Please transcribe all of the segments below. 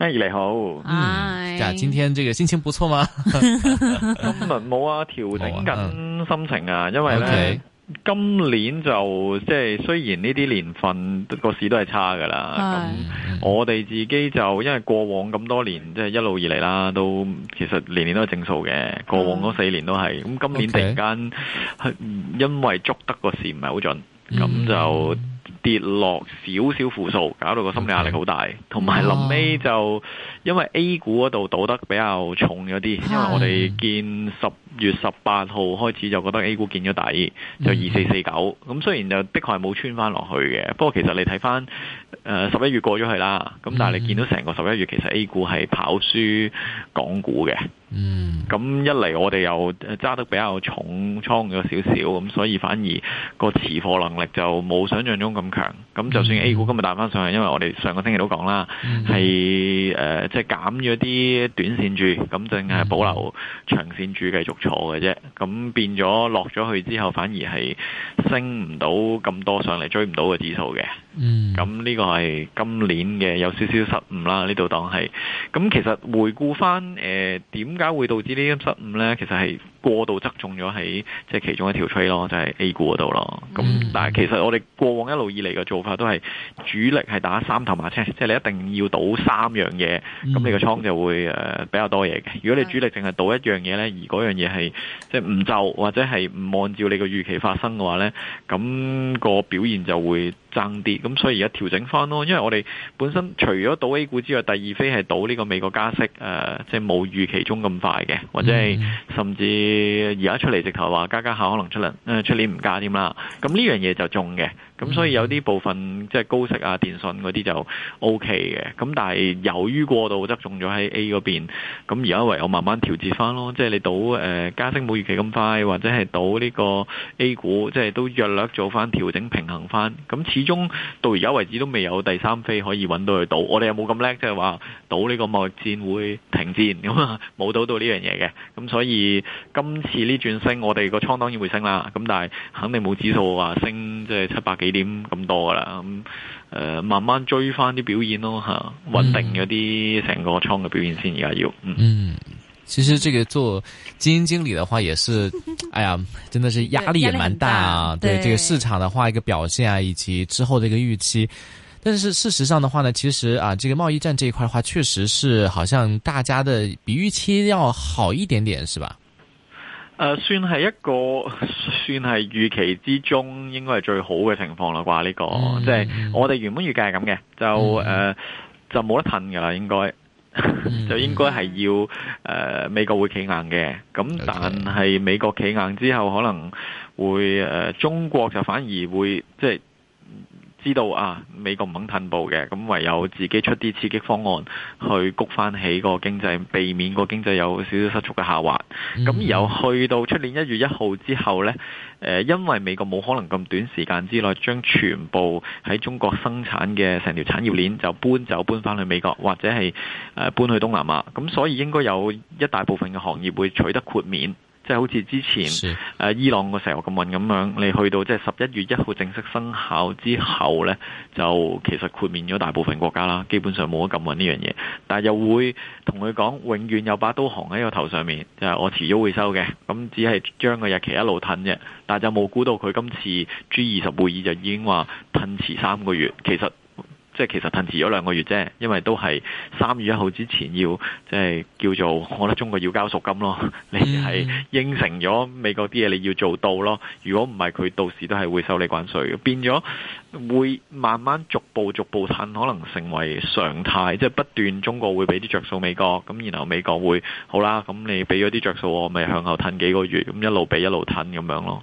哎，hey, 你好！哎、嗯，呀，今天這個心情不錯嗎？ 今日冇啊，調整緊心情啊，oh, uh, 因為咧 okay. 今年就即係雖然呢啲年份個市都係差噶啦，咁、uh, 我哋自己就因為過往咁多年即係一路以嚟啦，都其實年年都係正數嘅，過往嗰四年都係，咁、uh, 今年突然間 okay. 因為捉得個市唔係好準，咁、um, 就。跌落少少負數，搞到個心理壓力好大，同埋臨尾就、oh. 因為 A 股嗰度賭得比較重一啲，因為我哋見十月十八號開始就覺得 A 股見咗底，就二四四九。咁雖然就的確係冇穿翻落去嘅，不過其實你睇翻誒十一月過咗去啦。咁但係你見到成個十一月其實 A 股係跑輸港股嘅。嗯，咁一嚟我哋又揸得比較重倉咗少少，咁所以反而個持貨能力就冇想象中咁強。咁就算 A 股今日彈翻上去，因為我哋上個星期都講啦，係誒即係減咗啲短線住，咁淨係保留長線住繼續嘅啫，咁變咗落咗去之後，反而係升唔到咁多上嚟，追唔到嘅指數嘅。嗯，咁呢個係今年嘅有少少失誤啦，呢度當係。咁其實回顧翻誒，點解會導致呢啲失誤呢？其實係過度側重咗喺即係其中一條 trade 咯，就係 A 股嗰度咯。咁但係其實我哋過往一路以嚟嘅做法都係主力係打三頭馬車，即係你一定要賭三樣嘢，咁、嗯、你個倉就會誒、呃、比較多嘢嘅。如果你主力淨係賭一樣嘢呢，而嗰樣嘢係即係唔就或者係唔按照你個預期發生嘅話呢，咁個表現就會。增跌咁，所以而家調整翻咯。因為我哋本身除咗賭 A 股之外，第二飛係賭呢個美國加息，誒、嗯，即係冇預期中咁快嘅，或者係甚至而家出嚟直頭話加加下可能出年誒出年唔加添啦。咁呢樣嘢就中嘅。 咁、嗯嗯、所以有啲部分即係高息啊、電信嗰啲就 O K 嘅，咁但係由於過度側重咗喺 A 嗰邊，咁而家唯有慢慢調節翻咯，即係你賭誒、呃、加升冇預期咁快，或者係賭呢個 A 股，即係都約略做翻調整平衡翻。咁始終到而家為止都未有第三飛可以揾到去賭，我哋有冇咁叻，即係話賭呢個貿易戰會停戰咁啊，冇 賭到呢樣嘢嘅。咁所以今次呢轉升，我哋個倉當然會升啦，咁但係肯定冇指數話升即係七百幾。點咁多噶啦，咁誒慢慢追翻啲表現咯吓，穩定嗰啲成個倉嘅表現先而家要。嗯，其實這個做基金經理的話，也是，哎呀，真的是壓力也蠻大啊。對，這個市場的話一個表現啊，以及之後這個預期，但是事實上的話呢，其實啊，這個貿易戰這一塊的話，確實是好像大家的比預期要好一點點，是吧？誒算係一個算係預期之中，應該係最好嘅情況啦啩？呢個、mm hmm. 即係我哋原本預計係咁嘅，就誒、mm hmm. 呃、就冇得褪㗎啦，應該、mm hmm. 就應該係要誒、呃、美國會企硬嘅，咁但係美國企硬之後，可能會誒、呃、中國就反而會即係。知道啊，美國唔肯退步嘅，咁唯有自己出啲刺激方案去谷翻起個經濟，避免個經濟有少少失速嘅下滑。咁由、mm hmm. 去到出年一月一號之後呢、呃，因為美國冇可能咁短時間之內將全部喺中國生產嘅成條產業鏈就搬走就搬翻去美國，或者係、呃、搬去東南亞。咁所以應該有一大部分嘅行業會取得豁免。即係好似之前誒伊朗個石油禁運咁樣，你去到即係十一月一號正式生效之後呢，就其實豁免咗大部分國家啦，基本上冇咗禁運呢樣嘢。但又會同佢講，永遠有把刀行喺個頭上面，就係、是、我遲早會收嘅，咁只係將個日期一路褪啫。但就冇估到佢今次 G 二十會議就已經話褪遲三個月，其實。即係其實褪遲咗兩個月啫，因為都係三月一號之前要即係叫做，我覺得中國要交贖金咯。你係應承咗美國啲嘢，你要做到咯。如果唔係，佢到時都係會收你關稅嘅。變咗會慢慢逐步逐步褪，可能成為常態。即係不斷中國會俾啲着數美國，咁然後美國會好啦。咁你俾咗啲着數，我咪向後褪幾個月，咁一路俾一路褪咁樣咯。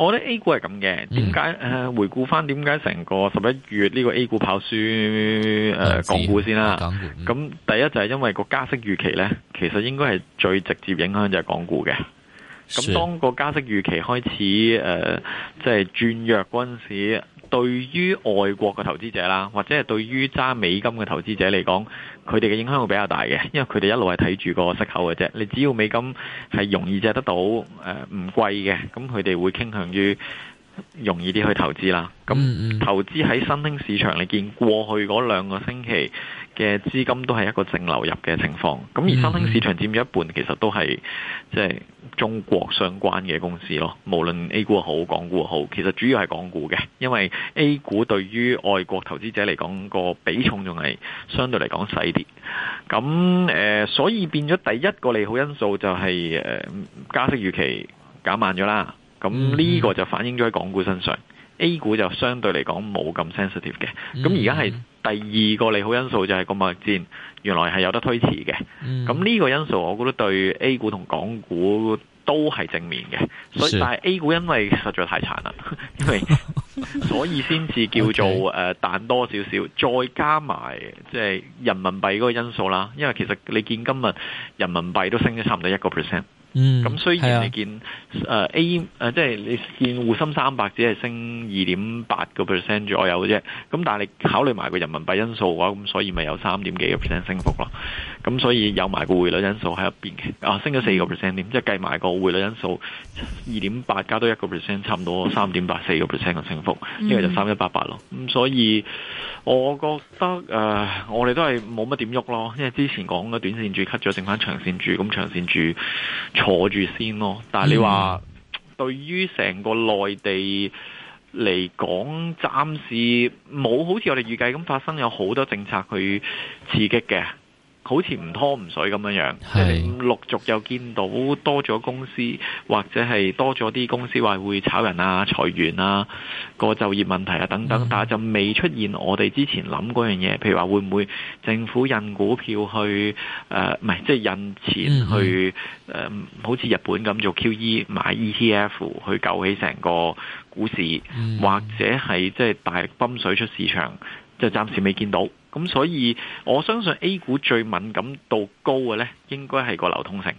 我覺得 A 股係咁嘅，點解？嗯、回顧翻點解成個十一月呢個 A 股跑輸？誒、呃，然港股先啦。咁、嗯、第一就係因為個加息預期呢，其實應該係最直接影響就係港股嘅。咁是當個加息預期開始誒，即係轉弱嗰時。對於外國嘅投資者啦，或者係對於揸美金嘅投資者嚟講，佢哋嘅影響會比較大嘅，因為佢哋一路係睇住個息口嘅啫。你只要美金係容易借得到，誒唔貴嘅，咁佢哋會傾向於。容易啲去投資啦。咁投資喺新興市場，你見過去嗰兩個星期嘅資金都係一個淨流入嘅情況。咁而新興市場佔咗一半，其實都係即係中國相關嘅公司咯。無論 A 股好，港股好，其實主要係港股嘅，因為 A 股對於外國投資者嚟講，個比重仲係相對嚟講細啲。咁誒、呃，所以變咗第一個利好因素就係、是、誒、呃、加息預期減慢咗啦。咁呢個就反映咗喺港股身上、嗯，A 股就相對嚟講冇咁 sensitive 嘅、嗯。咁而家係第二個利好因素就係個貿易戰，原來係有得推遲嘅。咁呢、嗯、個因素，我覺得對 A 股同港股都係正面嘅。所以是但係 A 股因為實在太殘啦， 因為所以先至叫做誒彈多少少， Okay. 再加埋即係人民幣嗰個因素啦。因為其實你見今日人民幣都升咗差唔多一個 percent。嗯，咁雖然你見誒 A 誒的，A，即係你見滬深三百只係升二點八個 percent 左右嘅啫，咁但係你考慮埋個人民幣因素嘅話，咁所以咪有三點幾個 percent 升幅咯。咁所以有埋個匯率因素喺入邊嘅啊，升咗四個 percent 點，即係計埋個匯率因素二點八加多一個 percent，差唔多三點八四個 percent 嘅升幅，一係、嗯、就三一八八咯。咁所以我覺得誒、呃，我哋都係冇乜點喐咯，因為之前講嘅短線住 cut 咗剩翻長線住，咁長線住坐住先咯。但係你話對於成個內地嚟講，暫時冇好似我哋預計咁發生有好多政策去刺激嘅。好似唔拖唔水咁樣樣係陸是續又見到多咗公司或者係多咗啲公司話會炒人啊、裁員啊、個就業問題啊等等，嗯、但係就未出現我哋之前諗嗰樣嘢，譬如話會唔會政府印股票去誒唔係，即係印錢去誒、嗯呃、好似日本咁做 QE 買 ETF 去救起成個股市，嗯、或者係即係大力泵水出市場，就暫時未見到。咁所以我相信 A 股最敏感度高嘅咧，應該係個流通性。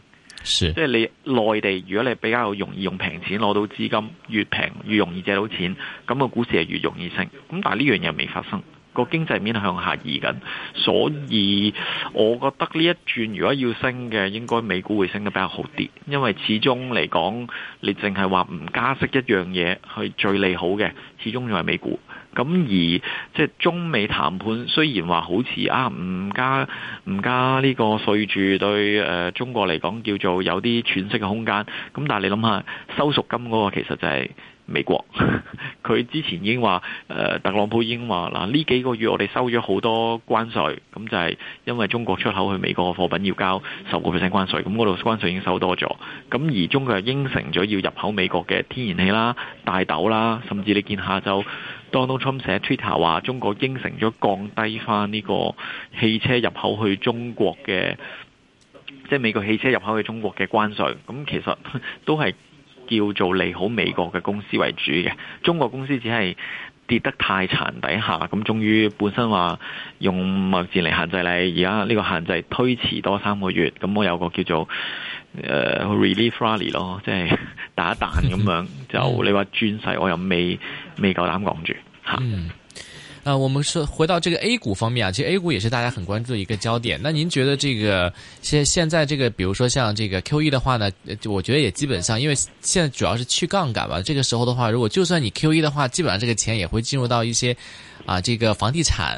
是，即係你內地如果你比較容易用平錢攞到資金，越平越容易借到錢，咁個股市係越容易升。咁但係呢樣嘢未發生，個經濟面向下移緊，所以我覺得呢一轉如果要升嘅，應該美股會升得比較好啲，因為始終嚟講，你淨係話唔加息一樣嘢去最利好嘅，始終仲係美股。咁而即係中美談判，雖然話好似啊唔加唔加呢個稅住，對、呃、誒中國嚟講叫做有啲喘息嘅空間。咁但係你諗下，收贖金嗰個其實就係美國，佢 之前已經話誒、呃、特朗普已經話啦，呢、啊、幾個月我哋收咗好多關稅，咁就係因為中國出口去美國嘅貨品要交十個 percent 關稅，咁嗰度關稅已經收多咗。咁而中國又應承咗要入口美國嘅天然氣啦、大豆啦，甚至你見下周，Donald Trump 寫 Twitter，話中國應承咗降低翻呢個汽車入口去中國嘅，即係美國汽車入口去中國嘅關稅。咁其實都係叫做利好美國嘅公司為主嘅。中國公司只係跌得太殘底下，咁終於本身話用貿易戰嚟限制你，而家呢個限制推遲多三個月。咁我有個叫做。呃、uh, relief rally 咯，即、就、係、是、打彈咁樣，就你話轉勢，我又未未夠膽講住吓。啊、嗯，啊，我們說回到這個 A 股方面啊，其實 A 股也是大家很關注的一個焦點。那您覺得這個現現在這個，比如說像這個 Q E 的話呢，我覺得也基本上，因為現在主要是去槓桿吧。這個時候的話，如果就算你 Q E 的話，基本上這個錢也會進入到一些啊，這個房地產。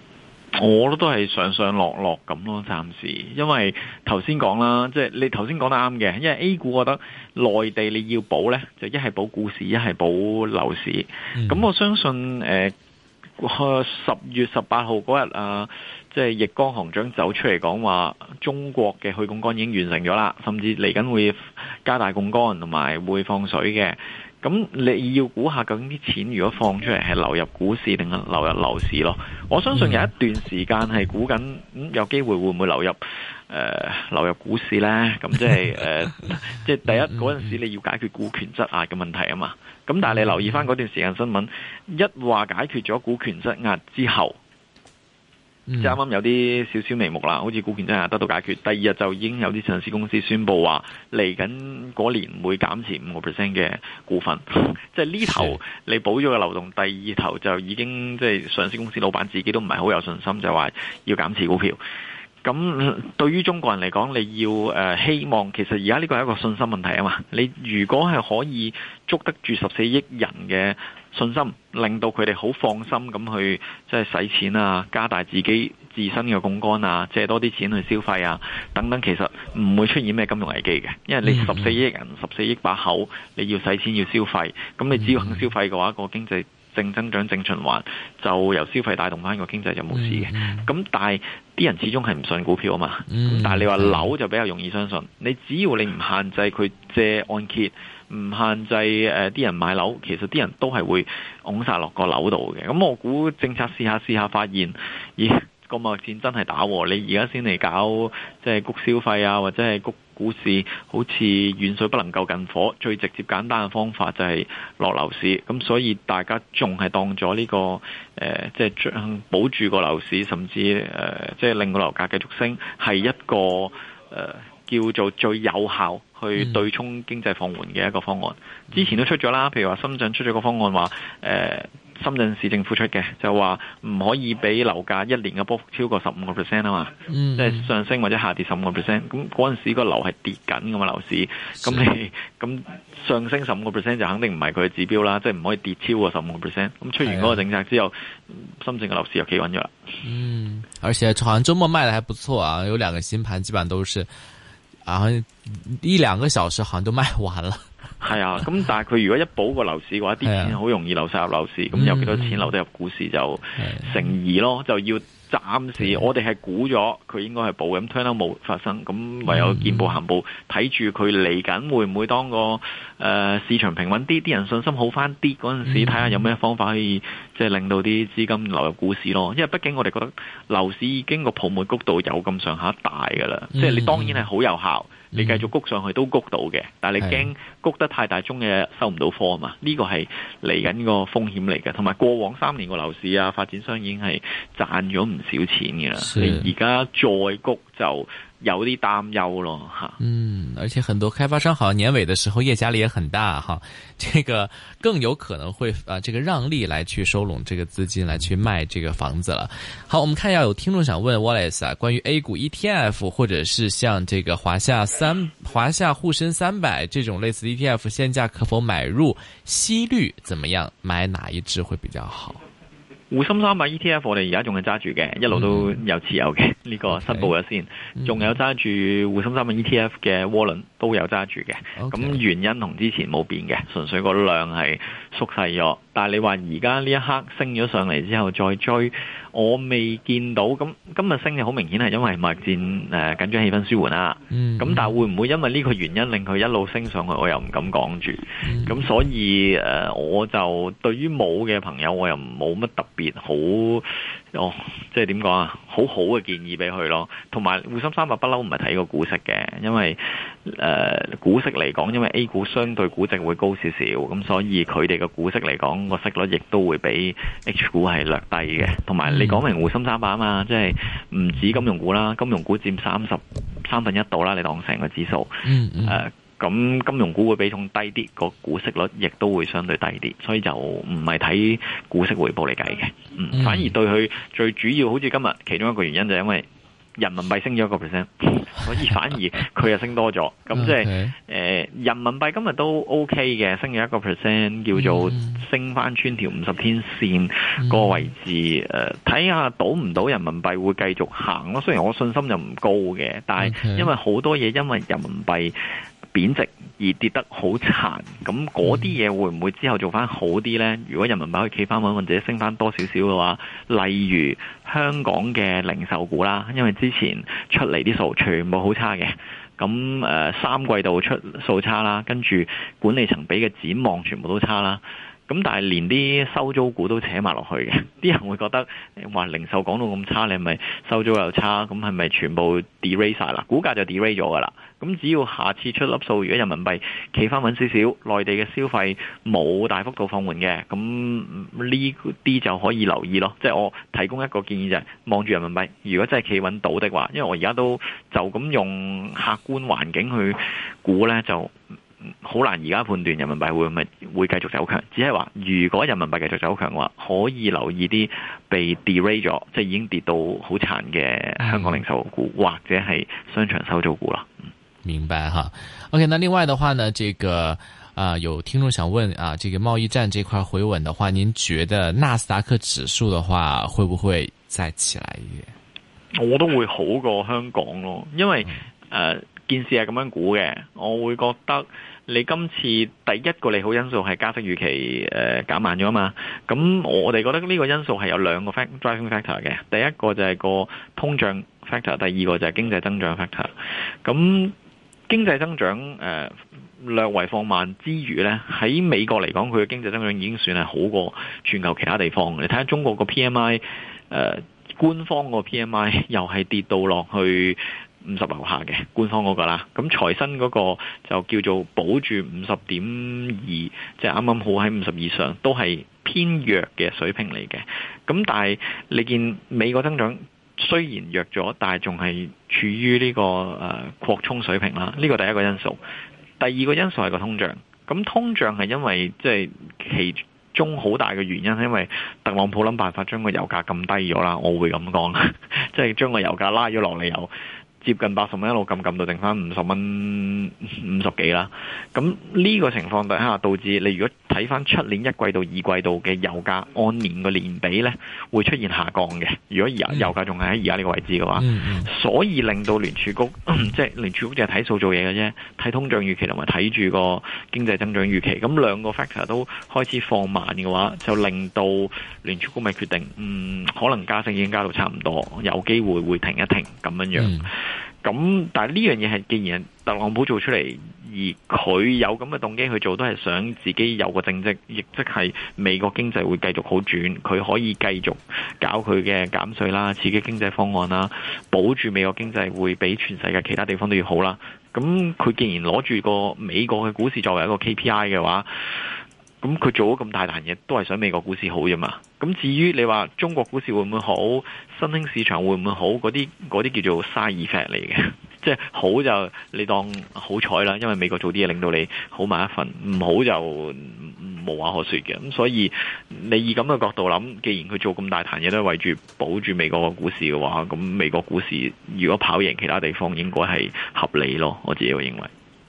我都都係上上落落咁咯，暫時，因為頭先講啦，即係你頭先講得啱嘅，因為 A 股覺得內地你要補呢，就一係補股市，一係補樓市。咁、嗯、我相信誒，十、呃、月十八號嗰日啊，即、就、係、是、易光行長走出嚟講話，中國嘅去槓桿已經完成咗啦，甚至嚟緊會加大槓桿同埋會放水嘅。咁你要估下究竟啲錢如果放出嚟係流入股市定係流入樓市咯？我相信有一段時間係估緊，有機會會唔會流入誒、呃、流入股市咧？咁、即係呃、 即係誒即係第一嗰陣時你要解決股權質押嘅問題啊嘛。咁但係你留意翻嗰段時間新聞，一話解決咗股權質押之後，即啱啱有啲少少眉目啦，好似股權真係得到解決。第二日就已經有啲上市公司宣布話，嚟緊嗰年會減持五個 percent 嘅股份。即係呢頭你補咗個流動，第二頭就已經即係、就是、上市公司老闆自己都唔係好有信心，就話要減持股票。咁對於中國人嚟講，你要誒希望，其實而家呢個係一個信心問題啊嘛。你如果係可以捉得住十四億人嘅。信心令到佢哋好放心咁去即係使錢啊，加大自己自身嘅槓桿啊，借多啲錢去消費啊，等等，其實唔會出現咩金融危機嘅，因為你十四億人十四億把口，你要使錢要消費，咁你只要肯消費嘅話，個經濟正增長正循環，就由消費帶動翻個經濟就冇事嘅。咁但係啲人始終係唔信股票啊嘛，但係你話樓就比較容易相信，你只要你唔限制佢借按揭。唔限制啲人買樓，其實啲人都係會拱晒落個樓度嘅。咁我估政策試下試下，發現咦，個、哎、貿易戰真係打喎。你而家先嚟搞即係、就是、谷消費啊，或者係谷股市，好似遠水不能夠近火。最直接簡單嘅方法就係落樓市。咁所以大家仲係當咗呢、這個即係、呃就是、保住個樓市，甚至即係令個樓價繼續升，係一個、呃叫做最有效去對沖經濟放緩嘅一個方案，嗯、之前都出咗啦。譬如話深圳出咗個方案說，話、呃、誒深圳市政府出嘅，就話唔可以俾樓價一年嘅波幅超過十五個 percent 啊嘛，嗯、即係上升或者下跌十五個 percent。咁嗰陣時個樓係跌緊嘅嘛，樓市咁你咁上升十五個 percent 就肯定唔係佢嘅指標啦，即係唔可以跌超過十五個 percent。咁出完嗰個政策之後，哎、呀深圳嘅樓市又企穩咗啦。嗯，而且好像週末賣得還不錯啊，有兩個新盤基本上都是。然後，一兩個小時好像都賣完了。係啊，咁但係佢如果一補個樓市嘅話，啲錢好容易流晒入樓市，咁、啊、有幾多錢流得入股市就成疑咯，就要暫時的我哋係估咗佢應該係補咁 turn o 冇發生，咁唯有見步行步睇住佢嚟緊會唔會當個誒、呃、市場平穩啲，啲人信心好翻啲嗰陣時，睇下有咩方法可以即係、就是、令到啲資金流入股市咯，因為畢竟我哋覺得樓市已經個泡沫谷度有咁上下大噶啦，嗯、即係你當然係好有效。嗯、你繼續谷上去都谷到嘅，但你驚谷得太大，中嘅收唔到貨啊嘛？呢個係嚟緊個風險嚟嘅，同埋過往三年個樓市啊，發展商已經係賺咗唔少錢嘅啦。你而家是的 再谷就。有啲擔憂咯哈。啊、嗯，而且很多開發商好像年尾的時候業壓力也很大哈，這個更有可能會啊，這個讓利來去收攏這個資金來去賣這個房子了。好，我們看一下有聽眾想問 Wallace 啊，關於 A 股 ETF 或者是像這個華夏三華夏滬深三百這種類似 ETF 現價可否買入，息率怎麼樣，買哪一支會比較好？滬深三百 ETF 我哋而家仲係揸住嘅，一路都有持有嘅呢、這個，申報咗先，仲有揸住滬深三百 ETF 嘅窩輪。都有揸住嘅，咁原因同之前冇變嘅，純粹個量係縮細咗。但係你話而家呢一刻升咗上嚟之後再追，我未見到。咁今日升嘅好明顯係因為貿戰誒緊張氣氛舒緩啦。咁但係會唔會因為呢個原因令佢一路升上去，我又唔敢講住。咁所以誒，我就對於冇嘅朋友，我又冇乜特別好。哦，即係點講啊？好好嘅建議俾佢咯，同埋滬深三百不嬲唔係睇個股息嘅，因為誒、呃、股息嚟講，因為 A 股相對估值會高少少，咁所以佢哋嘅股息嚟講個息率亦都會比 H 股係略低嘅。同埋你講明滬深三百啊嘛，嗯、即係唔止金融股啦，金融股佔三十三分一度啦，你當成個指數，誒、嗯嗯。呃咁金融股會比重低啲，個股息率亦都會相對低啲，所以就唔係睇股息回報嚟計嘅，嗯，反而對佢最主要，好似今日其中一個原因就係因為人民幣升咗一個 percent，所以反而佢又升多咗，咁即係誒，人民幣今日都 OK 嘅，升咗一個 percent，叫做升翻穿條五十天線個位置，誒、嗯，睇下賭唔賭人民幣會繼續行咯，雖然我信心就唔高嘅，但係因為好多嘢因為人民幣。貶值而跌得好殘，咁嗰啲嘢會唔會之後做翻好啲呢？如果人民幣可以企翻穩，或者升翻多少少嘅話，例如香港嘅零售股啦，因為之前出嚟啲數全部好差嘅，咁誒、呃、三季度出數差啦，跟住管理層俾嘅展望全部都差啦。咁但係連啲收租股都扯埋落去嘅，啲人會覺得話零售講到咁差，你係咪收租又差？咁係咪全部 degrade 曬啦？股價就 degrade 咗噶啦。咁只要下次出粒數，如果人民幣企翻穩少少，內地嘅消費冇大幅度放緩嘅，咁呢啲就可以留意咯。即係我提供一個建議就係望住人民幣，如果真係企穩到的話，因為我而家都就咁用客觀環境去估呢，就。好難而家判斷人民幣會唔會會繼續走強，只係話如果人民幣繼續走強嘅話，可以留意啲被 degrade 咗，即已經跌到好殘嘅香港零售股或者係商場收租股啦。明白哈。OK，那另外的話呢，這個啊、呃、有聽眾想問啊，這個貿易戰這塊回穩的話，您覺得納斯達克指數的話會不會再起來一點？我都會好過香港咯，因為誒、嗯呃，件事係咁樣估嘅，我會覺得。你今次第一個利好因素係加息預期誒減慢咗嘛？咁我我哋覺得呢個因素係有兩個 driving factor 嘅，第一個就係個通脹 factor，第二個就係經濟增長 factor。咁經濟增長誒略為放慢之餘呢，喺美國嚟講，佢嘅經濟增長已經算係好過全球其他地方。你睇下中國個 PMI，誒官方個 PMI 又係跌到落去。五十以下嘅官方嗰個啦，咁財新嗰個就叫做保住五十點二，即係啱啱好喺五十以上，都係偏弱嘅水平嚟嘅。咁但係你見美國增長雖然弱咗，但係仲係處於呢個誒擴充水平啦。呢個第一個因素，第二個因素係個通脹。咁通脹係因為即係其中好大嘅原因，因為特朗普諗辦法將個油價撳低咗啦。我會咁講，即係將個油價拉咗落嚟又。接近八十蚊，一路撳撳到剩翻五十蚊五十幾啦，咁呢個情況底下，導致你如果睇翻出年一季度、二季度嘅油價按年個年比呢，會出現下降嘅。如果油油價仲係喺而家呢個位置嘅話，嗯嗯、所以令到聯儲局、嗯、即係聯儲局就係睇數做嘢嘅啫，睇通脹預期同埋睇住個經濟增長預期，咁兩個 factor 都開始放慢嘅話，就令到聯儲局咪決定，嗯，可能加息已經加到差唔多，有機會會停一停咁樣樣。嗯。咁，但係呢樣嘢係既然特朗普做出嚟，而佢有咁嘅動機去做，都係想自己有個政績，亦即係美國經濟會繼續好轉，佢可以繼續搞佢嘅減稅啦，刺激經濟方案啦，保住美國經濟會比全世界其他地方都要好啦。咁佢既然攞住個美國嘅股市作為一個 KPI 嘅話，咁佢做咗咁大壇嘢，都係想美國股市好啫嘛。咁至於你話中國股市會唔會好，新興市場會唔會好，嗰啲嗰啲叫做 side effect 嚟嘅。即 係好就你當好彩啦，因為美國做啲嘢令到你好埋一份，唔好就無話可說嘅。咁所以你以咁嘅角度諗，既然佢做咁大壇嘢都係為住保住美國個股市嘅話，咁美國股市如果跑贏其他地方，應該係合理咯。我自己會認為。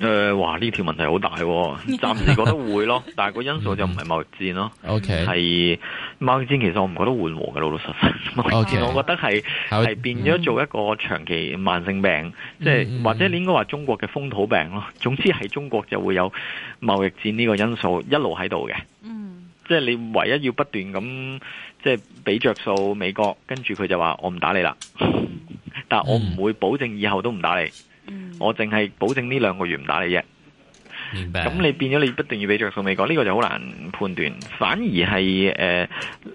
誒，話呢、呃、條問題好大、哦，暫時覺得會咯， 但係個因素就唔係貿易戰咯。O K，係貿易戰，其實我唔覺得緩和嘅。老老實實，貿易戰 Okay. 我覺得係係好變咗做一個長期慢性病，嗯、即係或者你應該話中國嘅風土病咯。總之喺中國就會有貿易戰呢個因素一路喺度嘅。嗯，即係你唯一要不斷咁即係俾着數美國，跟住佢就話我唔打你啦，但係我唔會保證以後都唔打你。嗯，我淨係保證呢兩個月唔打你啫。咁你變咗你不斷要俾著數美國呢個就好難判斷，反而係誒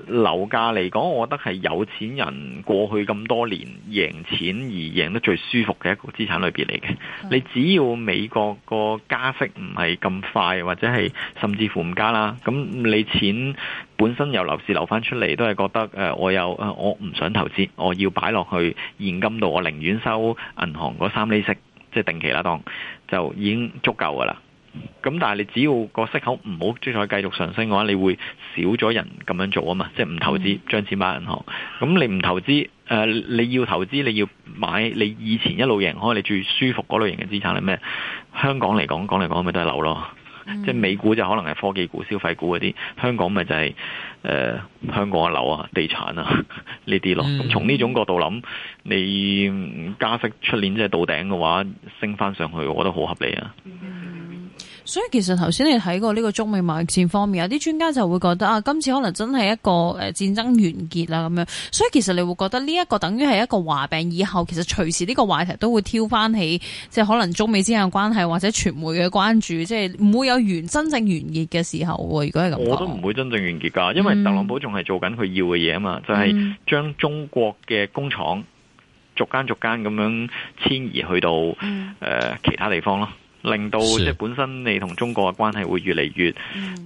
樓價嚟講，我覺得係有錢人過去咁多年贏錢而贏得最舒服嘅一個資產類別嚟嘅。的你只要美國個加息唔係咁快，或者係甚至乎唔加啦，咁你錢本身由樓市流翻出嚟，都係覺得誒我有誒我唔想投資，我要擺落去現金度，我寧願收銀行嗰三厘息，即係定期啦，當就已經足夠噶啦。咁但係你只要個息口唔好追再繼續上升嘅話，你會少咗人咁樣做啊嘛，即係唔投資將、mm hmm. 錢買銀行。咁你唔投資，誒、呃、你要投資你要買你以前一路贏開，你最舒服嗰類型嘅資產係咩？香港嚟講，講嚟講咪都係樓咯。Mm hmm. 即係美股就可能係科技股、消費股嗰啲，香港咪就係、是、誒、呃、香港嘅樓啊、地產啊呢啲咯。咁從呢種角度諗，你加息出年即係到頂嘅話，升翻上去，我覺得好合理啊。Mm hmm. 所以其實頭先你睇過呢個中美貿易戰方面，有啲專家就會覺得啊，今次可能真係一個誒、呃、戰爭完結啦咁樣。所以其實你會覺得呢一個等於係一個話柄，以後其實隨時呢個話題都會挑翻起，即、就、係、是、可能中美之間嘅關係或者傳媒嘅關注，即係唔會有完真正完結嘅時候。如果係咁，我都唔會真正完結噶，因為特朗普仲係做緊佢要嘅嘢啊嘛，嗯、就係將中國嘅工廠逐間逐間咁樣遷移去到誒、嗯呃、其他地方咯。令到即係本身你同中國嘅關係會越嚟越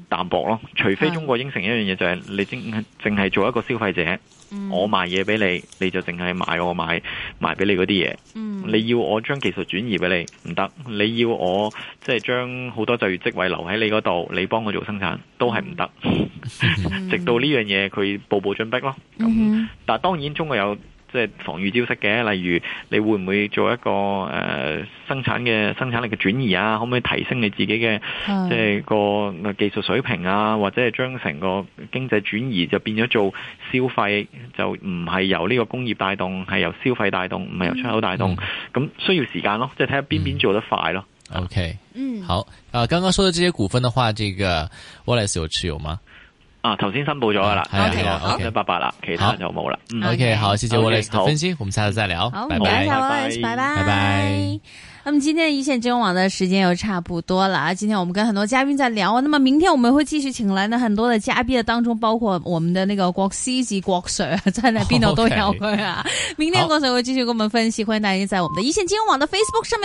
淡薄咯，嗯、除非中國應承一樣嘢，就係你淨淨係做一個消費者，嗯、我賣嘢俾你，你就淨係買我買賣俾你嗰啲嘢。你要我將技術轉移俾你唔得，你要我即係將好多就業職位留喺你嗰度，你幫我做生產都係唔得。直到呢樣嘢佢步步進逼咯。咁、嗯、哼但當然中國有。即係防禦招式嘅，例如你會唔會做一個誒、呃、生產嘅生產力嘅轉移啊？可唔可以提升你自己嘅、mm. 即係個技術水平啊？或者係將成個經濟轉移就變咗做消費，就唔係由呢個工業帶動，係由消費帶動，唔係由出口帶動，咁、mm. 嗯、需要時間咯，即係睇下邊邊做得快咯。Mm. OK，嗯、mm.，好啊，剛剛說到這些股份的話，這個 Wallace 有持有嗎？啊，頭先申報咗噶啦，升八八啦，其他就冇啦。OK，好，謝謝我哋李生嘅分析，我們下次再聊。好，唔該晒，我李生，拜拜。拜拜。那麼今天一線金融網的時間又差不多啦，啊，今天我們跟很多嘉賓在聊，啊，那麼明天我們會繼續請來呢很多的嘉賓當中，包括我們的那個國師級國 Sir 上，真係邊度都有佢啊。明天國 Sir 會繼續跟我們分析，歡迎大家在我們的一線金融網的 Facebook 上面。